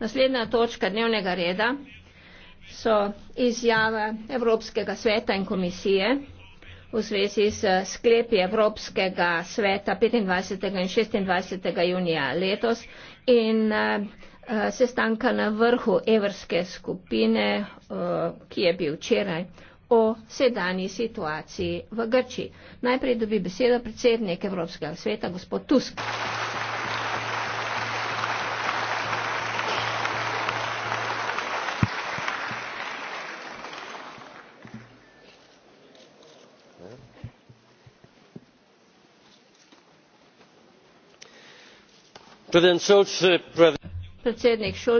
naslednja točka dnevnega reda so izjave Evropskega sveta in komisije v zvezi s sklepi Evropskega sveta 25. in 26. junija letos in eh, sestanka na vrhu Evrske skupine, eh, ki je bil včeraj, o sedanji situaciji v Grči. Najprej dobi besedo predsednik Evropskega sveta, gospod Tusk. Hvala. predsednik schulz je rekel da je to njegova stvar.